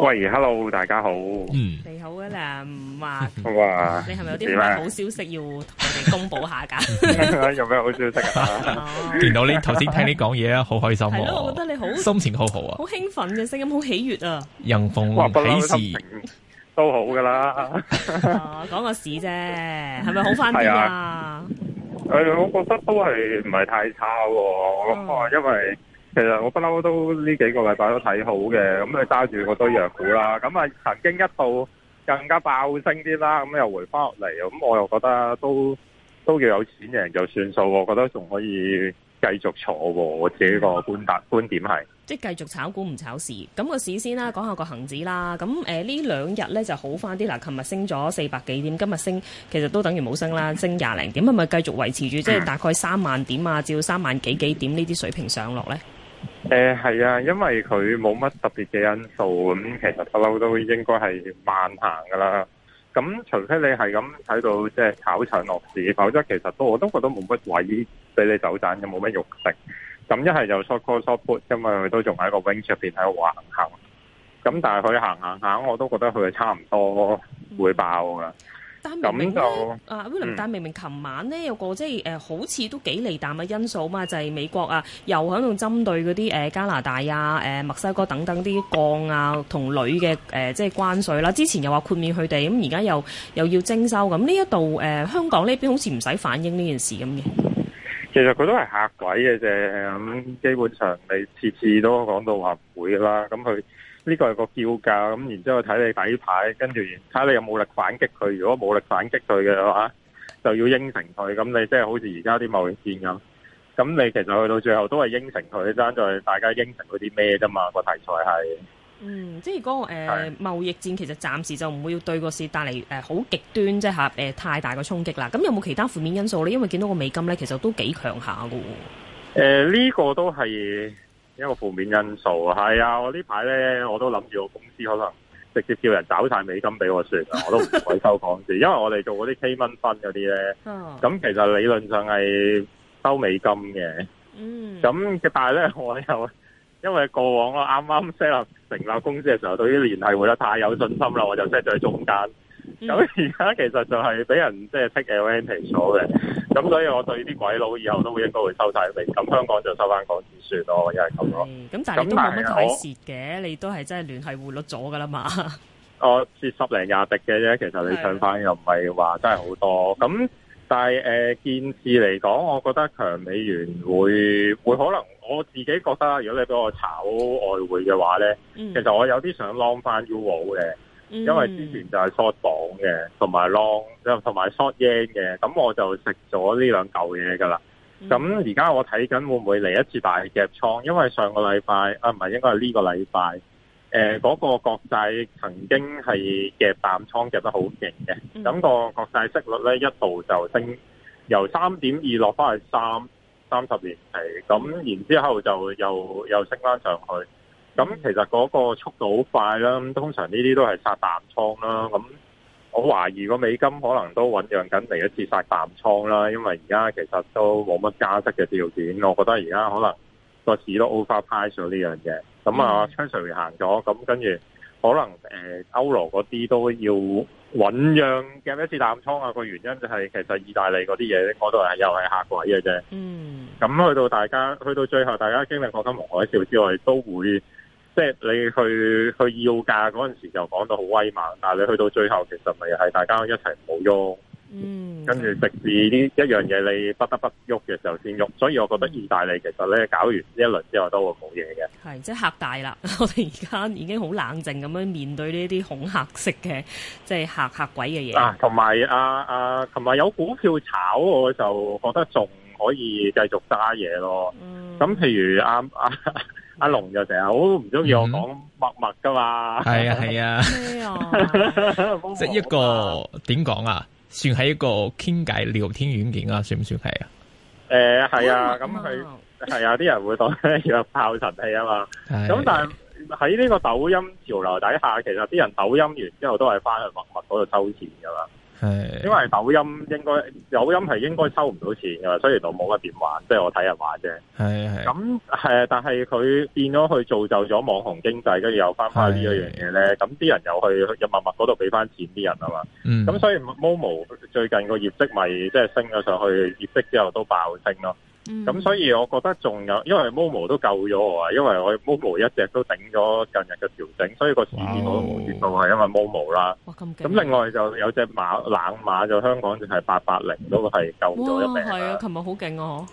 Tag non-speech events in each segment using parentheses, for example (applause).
喂，Hello，大家好。你好啊，梁華。好啊。你係咪有啲咩好消息要同我哋公布下噶？有咩好消息啊？見到你頭先聽你講嘢啊，好開心喎！我覺得你好心情好好啊，好興奮嘅聲音，好喜悅啊。人逢喜事都好噶啦。講個事啫，係咪好翻啲啊？誒，我覺得都係唔係太差，我諗啊因為。其實我不嬲都呢幾個禮拜都睇好嘅，咁你揸住好多藥股啦，咁啊曾經一度更加爆升啲啦，咁又回翻落嚟，咁我又覺得都都叫有錢贏就算數，我覺得仲可以繼續坐，我自己個觀達觀點係，即係繼續炒股唔炒市，咁個市先啦，講下個恒指啦，咁誒呢兩日咧就好翻啲，嗱，琴日升咗四百幾點，今日升其實都等於冇升啦，升廿零點，係咪繼續維持住即係大概三萬點啊，照三萬幾幾點呢啲水平上落咧？誒，係啊、嗯，因為佢冇乜特別嘅因素，咁其實不嬲都應該係慢行噶啦。咁除非你係咁睇到即係、就是、炒場落市，否則其實都我都覺得冇乜位俾你走盞，又冇乜肉食。咁一係就 short call short put，因為佢都仲喺個 range 入邊喺度橫行。咁但係佢行行下，我都覺得佢係差唔多會爆噶。但明明啊，William，、嗯、但明明琴晚咧有個即係誒，好似都幾離譜嘅因素嘛，就係、是、美國啊，又喺度針對嗰啲誒加拿大啊、誒、呃、墨西哥等等啲鋼啊同鋁嘅誒、呃，即係關稅啦。之前又話豁免佢哋，咁而家又又要徵收。咁呢一度誒香港呢邊好似唔使反映呢件事咁嘅。其實佢都係嚇鬼嘅啫，咁基本上你次次都講到話唔會啦，咁佢。呢個係個叫價咁，然之後睇你底牌，跟住睇你有冇力反擊佢。如果冇力反擊佢嘅話，就要應承佢。咁你即係好似而家啲貿易戰咁。咁你其實去到最後都係應承佢，爭在大家應承嗰啲咩啫嘛？個題材係。嗯，即係個誒貿易戰，其實暫時就唔會要對個市帶嚟誒好極端啫嚇，誒、呃、太大嘅衝擊啦。咁有冇其他負面因素咧？因為見到個美金咧，其實都幾強下嘅喎。呢、呃這個都係。一個負面因素啊，係啊，我呢排咧我都諗住我公司可能直接叫人找晒美金俾我算啊，我都唔會收港紙， (laughs) 因為我哋做嗰啲 K 蚊分嗰啲咧，咁其實理論上係收美金嘅，咁、嗯、但係咧我又因為過往我啱啱 set 立成立公司嘅時候，對於聯繫會得太有信心啦，我就 set 咗喺中間。咁而家其實就係俾人即係 take advantage 咗嘅，咁所以我對啲鬼佬以後都會應該會收晒你，咁 (laughs) 香港就收翻港紙算咯，因係咁咯。咁但係你，我你都冇乜鬼蝕嘅，你都係真係聯繫匯率咗噶啦嘛。 (laughs) 我蝕十零廿滴嘅啫，其實你搶翻又唔係話真係好多。咁的但係誒、呃，件事嚟講，我覺得強美元會會可能，我自己覺得，如果你俾我炒外匯嘅話咧，嗯、其實我有啲想 long 翻 Euro 嘅。嗯、因為之前就係 short bond 嘅，同埋 long，同埋 short yen 嘅，咁我就食咗呢兩嚿嘢噶啦。咁而家我睇緊會唔會嚟一次大夾倉，因為上個禮拜啊，唔係應該係呢個禮拜，誒、呃、嗰、那個國債曾經係夾淡倉夾得好勁嘅，咁、嗯、個國債息率咧一度就升由三點二落翻去三三十年期，咁然之後就又又升翻上去。咁其實嗰個速度好快啦，咁通常呢啲都係殺淡倉啦。咁我懷疑個美金可能都醖釀緊嚟一次殺淡倉啦，因為而家其實都冇乜加息嘅條件，我覺得而家可能個市都 overprice 咗呢樣嘢。咁啊 currency 行咗，咁跟住可能誒歐羅嗰啲都要醖釀夾一次淡倉啊。個原因就係其實意大利嗰啲嘢咧，嗰度係又係嚇鬼嘅啫。嗯。咁去到大家去到最後，大家經歷過金融海嘯之外，都會。即係你去去要價嗰陣時就講到好威猛，但係你去到最後其實咪係大家一齊唔好喐，跟住直至呢一樣嘢你不得不喐嘅時候先喐，所以我覺得意大利其實咧搞完呢一輪之後都會冇嘢嘅。係即係嚇大啦，我哋而家已經好冷靜咁樣面對呢啲恐嚇式嘅即係嚇嚇鬼嘅嘢、啊啊。啊，同埋阿阿同埋有股票炒，我就覺得仲可以繼續揸嘢咯。咁譬如阿阿。阿龍就成日好唔中意我講、嗯、陌陌噶嘛，係啊係啊，咩即係一個點講啊？算係一個傾偈聊天軟件啊？算唔算係、欸、啊？誒係、嗯、啊，咁佢係啊，啲人會當佢係一個炮神器啊嘛。咁、啊、但係喺呢個抖音潮流底下，其實啲人抖音完之後都係翻去陌陌嗰度收錢噶嘛。係，因為抖音應該抖音係應該收唔到錢嘅，所以就冇乜點玩，即係我睇人玩啫。係係的，咁、呃、但係佢變咗去造就咗網紅經濟，跟住又翻翻呢一樣嘢咧。咁啲的人又去入陌陌嗰度俾翻錢啲人啊嘛。嗯，咁所以 Momo 最近個業績咪即係升咗上去，業績之後都爆升咯。咁、嗯、所以我覺得仲有，因為 Momo 都救咗我啊，因為我 Momo 一隻都頂咗近日嘅調整，所以個市變我都冇知道係因為 Momo 啦。咁另外就有隻馬冷馬就香港就係八八零，都係救咗一命啊！係啊，琴日好勁啊！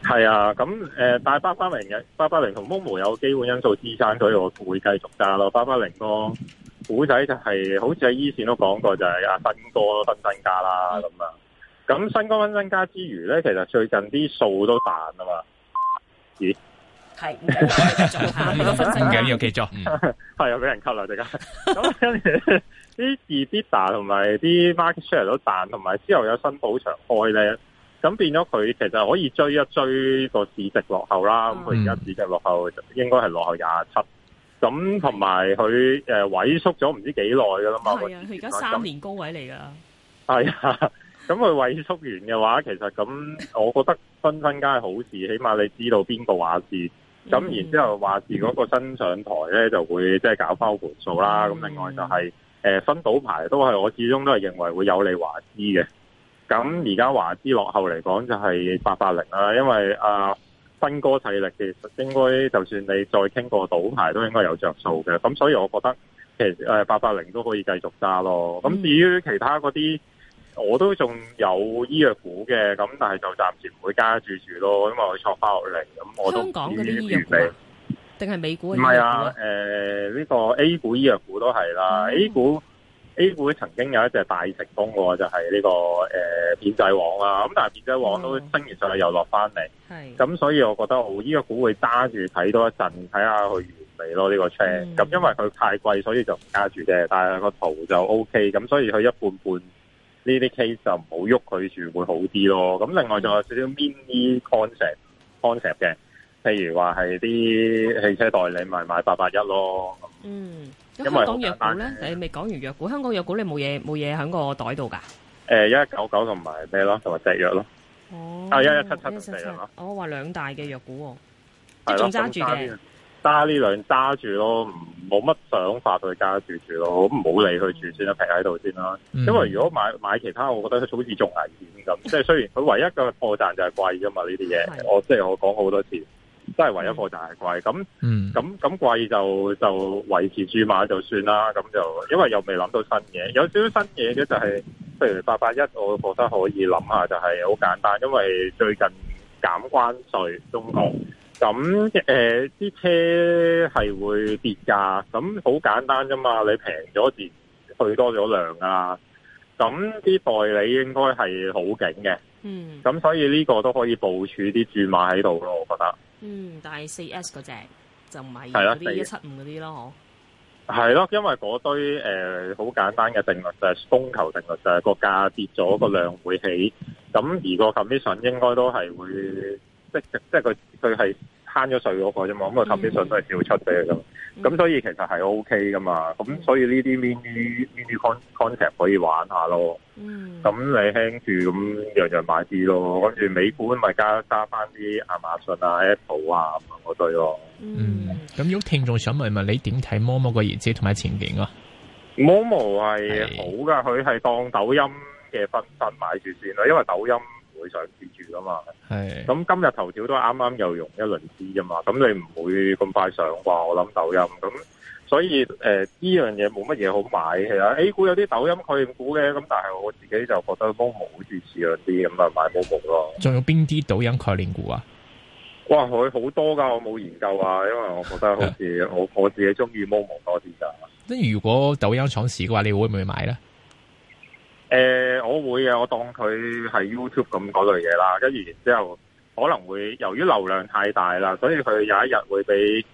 嗬，係、呃、啊，咁誒，但係八八零嘅八八零同 Momo 有基本因素支撐，所以我會繼續揸咯。八八零個股仔就係、是、好似喺 E 線都講過，就係、是、阿新哥新身家啦咁啊。嗯咁新高溫增加之餘咧，其實最近啲數都彈啊嘛。咦？係，唔緊 (laughs) 要繼續，係又俾人吸啦大家。咁跟住啲 EBITDA 同埋啲 market share 都彈，同埋之後有新補償開咧。咁變咗佢其實可以追一追個市值落後啦。咁佢而家市值落後應該係落後廿七。咁同埋佢誒萎縮咗唔知幾耐噶啦嘛。係啊，佢而家三年高位嚟噶。係啊、嗯。 (laughs) 咁佢萎縮完嘅話，其實咁，我覺得分分家係好事，起碼你知道邊個話事。咁、嗯、然之後話事嗰個新上台呢，就會即係、就是、搞翻個盤數啦。咁另外就係、是嗯呃、分賭牌都係我始終都係認為會有利華資嘅。咁而家華資落後嚟講就係八八零啦，因為啊新嘅勢力其實應該就算你再傾過賭牌，都應該有着數嘅。咁所以我覺得其實八八零都可以繼續揸咯。咁至於其他嗰啲。嗯我都仲有醫藥股嘅，咁但係就暫時唔會加住住咯，因為我錯翻落嚟，咁我都至於完美，定係美股嘅？唔係啊，誒、呃、呢、這個 A 股醫藥股都係啦、嗯、，A 股 A 股曾經有一隻大成功喎，就係、是、呢、這個誒片仔癀啦、咁、呃啊、但係片仔癀都升完上去又落翻嚟，咁所以我覺得好，醫藥股會揸住睇多一陣，睇下佢完美咯呢、這個車，咁、嗯、因為佢太貴，所以就唔加住啫，但係個圖就 OK，咁所以佢一半半。呢啲 case 就唔好喐佢住會好啲咯。咁另外仲有少少 mini concept concept 嘅、嗯，譬如話係啲汽車代理，咪、就是、買八八一咯。嗯，香港藥股咧，你未講完藥股，香港藥股你冇嘢冇嘢喺個袋度噶？誒、欸，一一九九同埋咩咯？同埋製藥咯。哦。啊，一一七七製藥咯。我話兩大嘅藥股，即仲揸住嘅。揸呢兩揸住咯，唔冇乜想法去加住住咯，咁唔好理佢住先啦，平喺度先啦。嗯，因為如果買買其他，我覺得佢好似仲危險咁。即係雖然佢唯一嘅破綻就係貴㗎嘛，呢啲嘢我即係我講好多次，真係唯一破綻係貴。咁咁咁貴就就維持住買就算啦。咁就因為又未諗到新嘢，有少少新嘢嘅就係、是，譬如八八一，我覺得可以諗下就係、是、好簡單，因為最近減關稅，中國。嗯咁誒啲車係會跌價，咁好簡單啫嘛！你平咗字，去多咗量啊。咁啲代理應該係好勁嘅，嗯。咁所以呢個都可以部署啲注碼喺度咯，我覺得。嗯，但係四 S 嗰隻就唔係嗰啲一七五嗰啲咯，嗬、e。係咯，因為嗰堆誒好、呃、簡單嘅定律就係、是、供求定律，就係、是、個價跌咗個量會起，咁、嗯、而個 commission 應該都係會。嗯即即即佢佢係慳咗稅嗰個啫嘛，咁啊氹啲信都係少出啲咁，咁、嗯、所以其實係 O K 噶嘛，咁所以呢啲 Mini con concept 可以玩下咯，咁、嗯、你輕住咁樣樣買啲咯，跟住美股咪加加翻啲亞馬遜啊、Apple 啊咁嗰對咯。嗯，咁有聽眾想問問你點睇陌陌個業績同埋前景啊？陌陌係好噶，佢係是當抖音嘅分身買住先啦，因為抖音。會想接住噶嘛？係咁是今日頭條都啱啱又融一輪資噶嘛？咁你唔會咁快上啩？我諗抖音咁，所以誒呢樣嘢冇乜嘢好買係啦。A 股有啲抖音概念股嘅，咁但係我自己就覺得 Momo 好支持一啲咁啊，買 Momo 咯。仲有邊啲抖音概念股啊？哇，佢好多噶，我冇研究啊，因為我覺得好似、嗯、我我自己中意 Momo 多啲噶。即係如果抖音闖市嘅話，你會唔會買咧？誒，我會嘅，我當佢係 YouTube 咁嗰類嘢啦，跟住然之後可能會由於流量太大啦，所以佢有一日會畀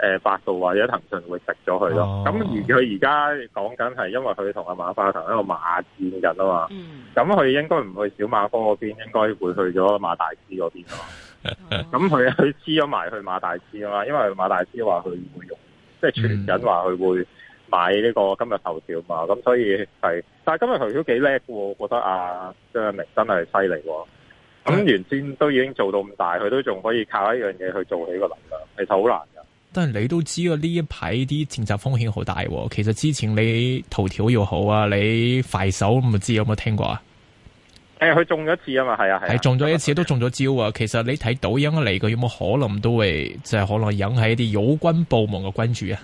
誒百度或者騰訊會食咗佢咯。咁、哦、而佢而家講緊係因為佢同阿馬化騰喺度馬戰緊啊嘛。咁佢、嗯、應該唔去小馬哥嗰邊，應該會去咗馬大師嗰邊咯。咁佢佢黐咗埋去馬大師嘛，因為馬大師話佢會用，即係傳緊話佢會。嗯買呢個今日頭條嘛，咁所以係，但係今日頭條幾叻喎。我覺得啊，張一鳴真係犀利，咁原先都已經做到咁大，佢都仲可以靠一樣嘢去做起個能量，其實好難噶。但係你都知啊，呢一排啲政策風險好大。其實之前你頭條又好啊，你快手唔知有冇聽過、欸、啊？誒、啊，佢、啊、中咗一次啊嘛，係啊係，中咗一次都中咗招了啊。其實你睇抖音嚟嘅有冇可能都會即係、就是、可能引起一啲有關部門嘅關注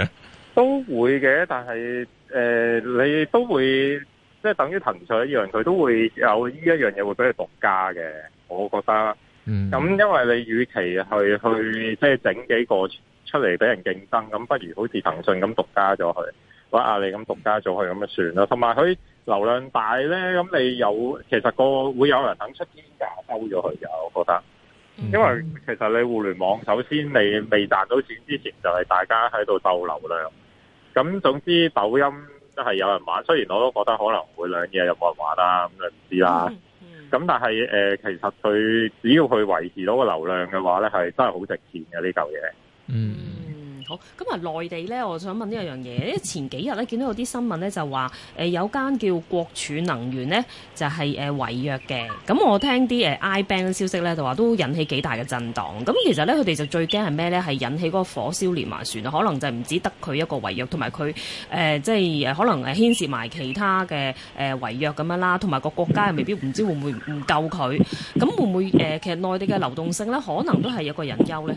啊。 (laughs) 都會嘅，但係誒、呃、你都會即係等於騰訊一樣，佢都會有呢一樣嘢會俾你獨家嘅。我覺得。咁、mm. 嗯、因為你與其去即係整幾個出嚟俾人競爭，咁不如好似騰訊咁獨家咗佢，或者阿里咁獨家咗佢咁咪算咯。同埋佢流量大咧，咁你有其實個會有人肯出天價收咗佢嘅。我覺得，因為其實你互聯網首先你未賺到錢之前，就係大家喺度鬥流量。咁，總之抖音都係有人玩，雖然我都覺得可能會兩日又冇人玩啦，咁就唔知啦。咁但係，呃，其實佢只要佢維持到個流量嘅話呢，係真係好值錢嘅呢嚿嘢。嗯。好，咁啊，內地咧，我想問呢一樣嘢，因為前幾日咧見到有啲新聞咧就話、呃，有間叫國儲能源咧就係、是、誒、呃、違約嘅，咁我聽啲、呃、I Bank 消息咧就話都引起幾大嘅震盪，咁其實咧佢哋就最驚係咩咧？係引起嗰個火燒連環船，可能就唔止得佢一個違約，同埋佢誒即係可能誒牽涉埋其他嘅誒、呃、違約咁樣啦，同埋個國家又未必唔知會唔會唔救佢，咁會唔會誒、呃、其實內地嘅流動性咧，可能都係有個隱憂咧？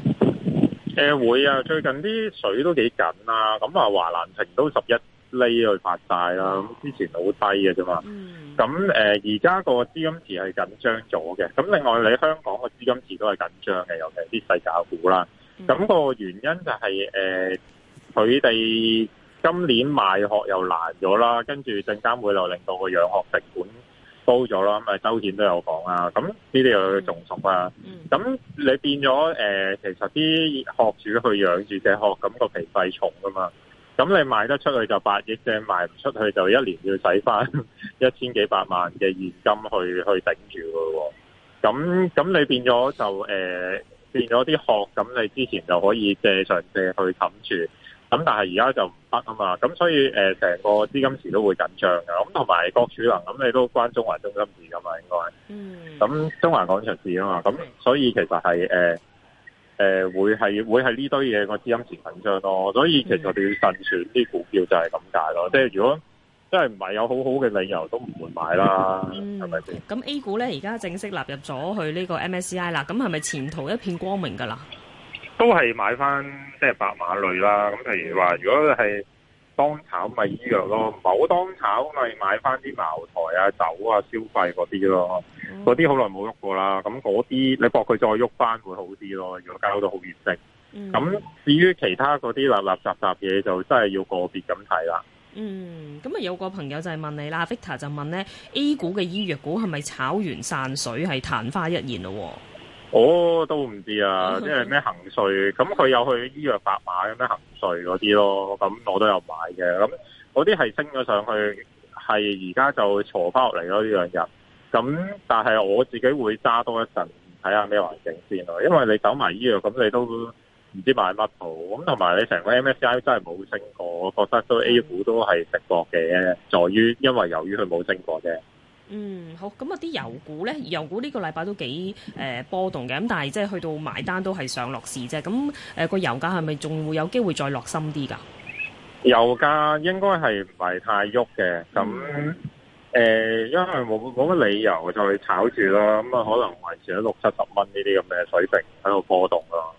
誒、呃，會啊！最近啲水都幾緊呀。咁啊，華南城都十一厘去發債啦，咁之前好低嘅啫嘛。咁、嗯、誒，而家個資金池係緊張咗嘅。咁另外，你香港個資金池都係緊張嘅，尤其啲細價股啦。咁、那個原因就係、是、誒，佢、呃、哋今年賣殼又難咗啦，跟住證監會又令到個養殼成本。煲咗啦，咁啊周顯都有講啊，咁呢啲又中毒啊，咁、嗯、你變咗誒、呃，其實啲殼主去養住隻殼，咁、那個皮費重噶嘛，咁你賣得出去就八億啫，賣唔出去就一年要使翻一千幾百萬嘅現金去去頂住噶、啊，咁咁你變咗就誒、呃，變咗啲殼，咁你之前就可以借上借去冚住。咁但係而家就唔得啊嘛，咁所以誒成個資金池都會緊張嘅，咁同埋國儲啊，咁你都關中環中心事㗎嘛，應該，咁、嗯、中環廣場事啊嘛，咁、嗯、所以其實係誒、呃、會係會係呢堆嘢個資金池緊張咯，所以其實我哋要慎選啲股票就係咁解咯，即係、嗯、如果即係唔係有好好嘅理由都唔會買啦，係咪先？咁 A 股咧而家正式納入咗去呢個 MSCI 啦，咁係咪前途一片光明㗎啦？都係買翻即係白馬類啦，咁譬如話，如果係當炒咪醫藥咯，唔好當炒咪買翻啲茅台啊、酒啊、消費嗰啲咯，嗰啲好耐冇喐過啦，咁嗰啲你搏佢再喐翻會好啲咯，如果搞到好熱誠。咁、嗯、至於其他嗰啲垃垃雜雜嘢，就真係要個別咁睇啦。嗯，咁啊有個朋友就係問你啦，Victor 就問咧，A 股嘅醫藥股係咪炒完散水係曇花一現咯？我都唔知啊，即係咩行稅，咁佢有去醫藥白馬咁樣行稅嗰啲咯，咁我都有買嘅，咁嗰啲係升咗上去，係而家就挫翻落嚟，咯呢兩日。咁但係我自己會揸多一陣，睇下咩環境先咯。因為你走埋醫藥，咁你都唔知買乜好。咁同埋你成個 MSCI 真係冇升過，我覺得都 A 股都係食過嘅，在於因為由於佢冇升過啫。嗯，好，咁啊啲油股咧，油股呢個禮拜都幾誒、呃、波動嘅，咁但係即係去到埋單都係上落市啫，咁誒個油價係咪仲會有機會再落深啲噶？油價應該係唔係太喐嘅，咁誒、嗯呃、因為冇冇乜理由再炒住啦，咁啊可能維持咗六七十蚊呢啲咁嘅水平喺度波動咯。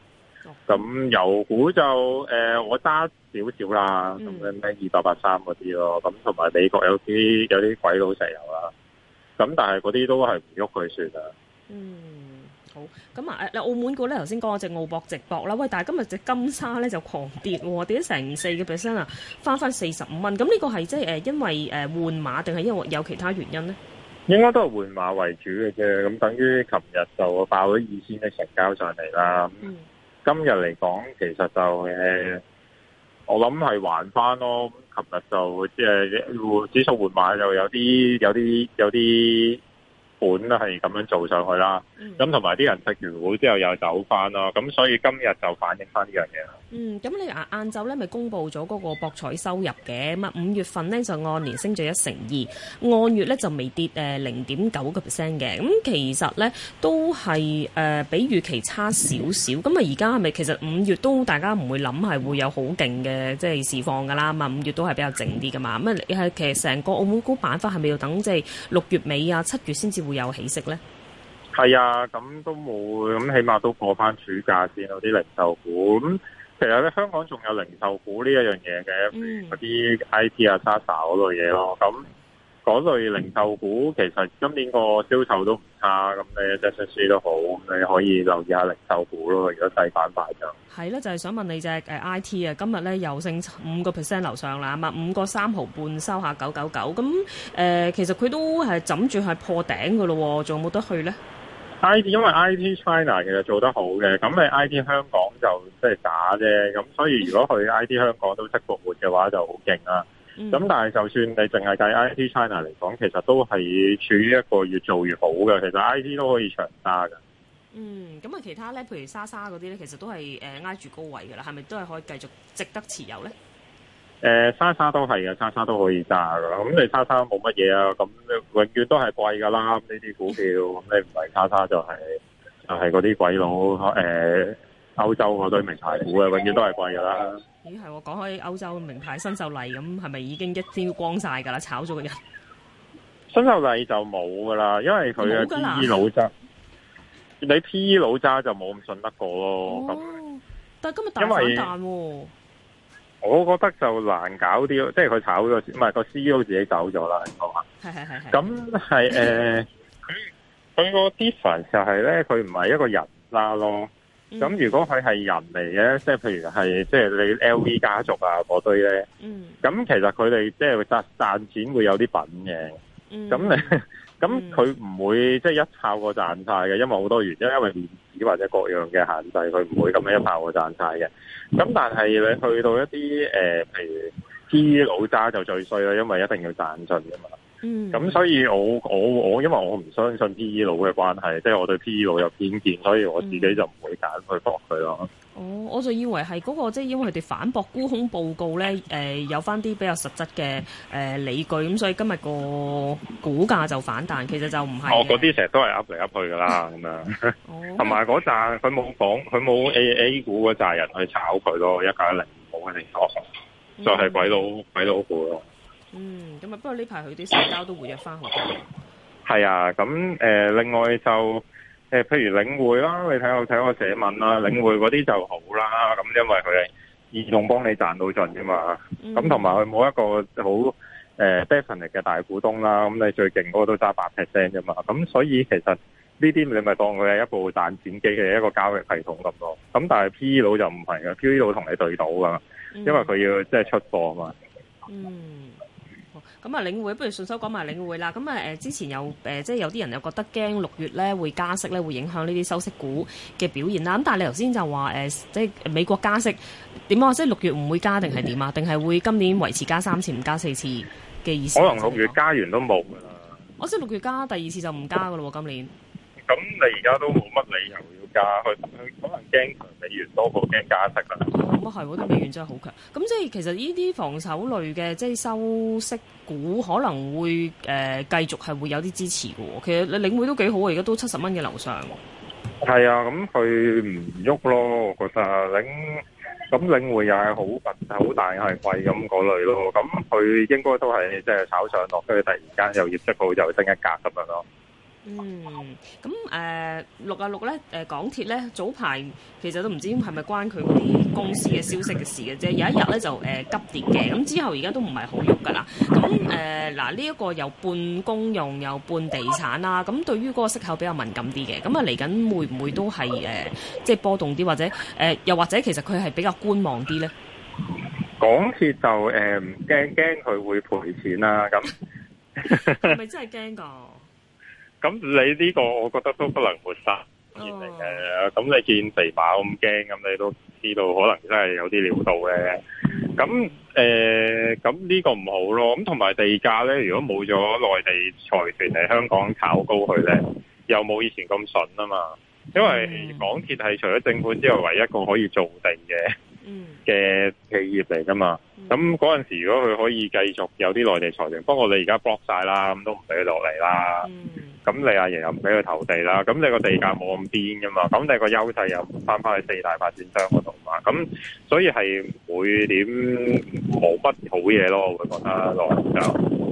咁、嗯、油股就誒、呃、我揸少少啦，咁樣咩二百八三嗰啲咯，咁同埋美國有啲有啲鬼佬石油啦。咁但係嗰啲都係唔喐佢算啦。嗯，好。咁啊，澳門股咧，頭先講咗隻澳博直播啦。喂，但係今日隻金沙咧，就狂跌，跌咗成四個 percent 啊，翻翻四十五蚊。咁呢個係即係誒，因爲誒換碼定係因爲有其他原因咧？應該都係換碼爲主嘅啫。咁等於琴日就爆咗二千嘅成交上嚟啦。今日嚟講，其實就誒、是。我諗係還翻咯，咁琴日就即係指數緩慢，就有啲有啲有啲。本都係咁樣做上去啦，咁同埋啲人食完股之後又走翻咯，咁所以今日就反映翻呢樣嘢啦。嗯，咁你晏晏晝咧咪公布咗嗰個博彩收入嘅，咁啊五月份咧就按年升咗一成二，按月咧就未跌誒零點九個 percent 嘅，咁、嗯、其實咧都係誒、呃、比預期差少少，咁啊而家係咪其實五月都大家唔會諗係會有好勁嘅即係釋放㗎啦？啊、嗯，五月都係比較靜啲㗎嘛，咁啊係其實成個澳門股板塊係咪要等即係六月尾啊七月先至會？有起色咧？係啊，咁都冇，咁起碼都過翻暑假先。有啲零售股，其實咧香港仲有零售股呢一樣嘢嘅，嗰啲 IT 啊、Sasa 嗰類嘢咯。咁嗰類零售股，其實今年個銷售都。啊，咁你即係輸都好，你可以留意下零售股咯。如果細板塊就係咧，就係、是、想問你隻誒 I T 啊，今日咧又升五個 percent 樓上啦，啊嘛五個三毫半收下九九九咁誒，其實佢都係枕住係破頂噶咯，仲有冇得去咧？I T 因為 I T China 其實做得好嘅，咁你 I T 香港就即係假啫，咁所以如果去 I T 香港都出係復活嘅話就，就好勁啊。咁、嗯、但係就算你淨係計 I T China 嚟講，其實都係處於一個越做越好嘅，其實 I T 都可以長揸㗎。嗯，咁啊，其他咧，譬如莎莎嗰啲咧，其實都係誒挨住高位噶啦，係咪都係可以繼續值得持有咧？誒、呃，莎莎都係啊，莎莎都可以揸噶。咁你莎莎冇乜嘢啊，咁永遠都係貴噶啦。呢啲股票，咁你唔係莎莎就係、是、就係嗰啲鬼佬誒。嗯呃歐洲我都名牌股永遠都係貴噶啦。咦，係喎講開歐洲名牌新秀麗咁，係咪已經一朝光晒噶啦？炒咗個人，新秀麗就冇噶啦，因為佢係 P E 老渣，你 P E 老渣就冇咁信得過咯。哦、那但今日大反彈，因為，我覺得就難搞啲，即係佢炒咗，唔係個 C E O 自己走咗啦。係係係係，咁係誒，佢佢個 difference 就係咧，佢唔係一個人啦咯。咁、嗯、如果佢係人嚟嘅，即係譬如係即係你 LV 家族啊嗰堆咧，咁、嗯、其實佢哋即係賺賺錢會有啲品嘅，咁、嗯、你，咁佢唔會即係、就是、一炮過賺曬嘅，因為好多原因，因為面子或者各樣嘅限制，佢唔會咁樣一炮過賺曬嘅。咁但係你去到一啲誒、呃，譬如啲老渣就最衰啦，因為一定要賺盡㗎嘛。嗯，咁所以我我我，我因為我唔相信 PE 佬嘅關係，即、就、係、是、我對 PE 佬有偏見，所以我自己就唔會揀去搏佢咯。哦，我就以為係嗰、那個即係因為佢哋反駁沽空報告咧，誒、呃、有翻啲比較實質嘅誒理據，咁所以今日個股價就反彈。其實就唔係。哦，嗰啲成日都係噏嚟噏去噶啦，咁樣、 (laughs) (laughs) 哦。同埋嗰扎佢冇講，佢冇 A A 股嗰扎人去炒佢咯，一九一零冇乜嘢，就係、嗯、鬼佬鬼佬股咯。嗯，咁啊，不過呢排佢啲成交都活躍翻好多。係啊，咁誒、呃，另外就誒，譬、呃、如領匯啦，你睇我睇我寫文啦，領匯嗰啲就好啦。咁因為佢係自動幫你賺到盡啫嘛。咁同埋佢冇一個好誒、呃、definite 嘅大股東啦。咁你最勁嗰個都揸八 percent 啫嘛。咁所以其實呢啲你咪當佢係一部賺錢機嘅一個交易系統咁咯。咁但係 P E 佬就唔係嘅，P E 佬同你對賭噶，因為佢要、嗯、即係出貨啊嘛。嗯。咁啊，領匯，不如順手講埋領匯啦。咁啊，誒之前有誒，即係有啲人又覺得驚六月咧會加息咧，會影響呢啲收息股嘅表現啦。咁但係你頭先就話誒，即係美國加息點啊？即係六月唔會加定係點啊？定係會今年維持加三次唔加四次嘅意思？可能六月加完都冇㗎啦。我知六月加第二次就唔加㗎咯，今年。咁你而家都冇乜理由要加，佢可能驚美元多，冇驚加息㗎啦。係？嗰啲、哦、美元真係好強。咁即係其實呢啲防守類嘅即係收息股可能會誒繼、呃、續係會有啲支持嘅。其實領匯都幾好啊，而家都七十蚊嘅樓上。係啊，咁佢唔喐咯，我覺得領咁領匯又係好份好大係貴咁嗰類咯。咁佢應該都係即係炒上落，跟、就、住、是、突然間又業績好就升一格咁樣咯。嗯，咁誒、呃、六啊六咧，誒、呃、港鐵咧早排其實都唔知係咪關佢嗰啲公司嘅消息嘅事嘅啫，有一日咧就誒、呃、急跌嘅，咁之後而家都唔係好喐噶啦。咁誒嗱呢一個又半公用又半地產啦、啊，咁對於嗰個息口比較敏感啲嘅，咁啊嚟緊會唔會都係誒、呃、即係波動啲，或者誒、呃、又或者其實佢係比較觀望啲咧？港鐵就誒唔驚驚佢會賠錢啦、啊，咁係咪真係驚噶？ (laughs) 咁你呢個我覺得都不能抹殺，堅定嘅。咁你見地馬咁驚，咁你都知道可能真係有啲料到嘅。咁誒，咁、呃、呢個唔好咯。咁同埋地價咧，如果冇咗內地財團嚟香港炒高佢咧，又冇以前咁順啊嘛。因為港鐵係除咗政府之外，唯一一個可以做定嘅。嘅、嗯、企業嚟噶嘛？咁嗰陣時如果佢可以繼續有啲內地財政，包括不過你而家 block 晒啦，咁都唔俾佢落嚟啦。咁你阿爺又唔俾佢投地啦。咁你個地價冇咁癲噶嘛？咁你個優勢又翻翻去四大發展商嗰度嘛？咁所以係會點冇乜好嘢咯？我會覺得內地就。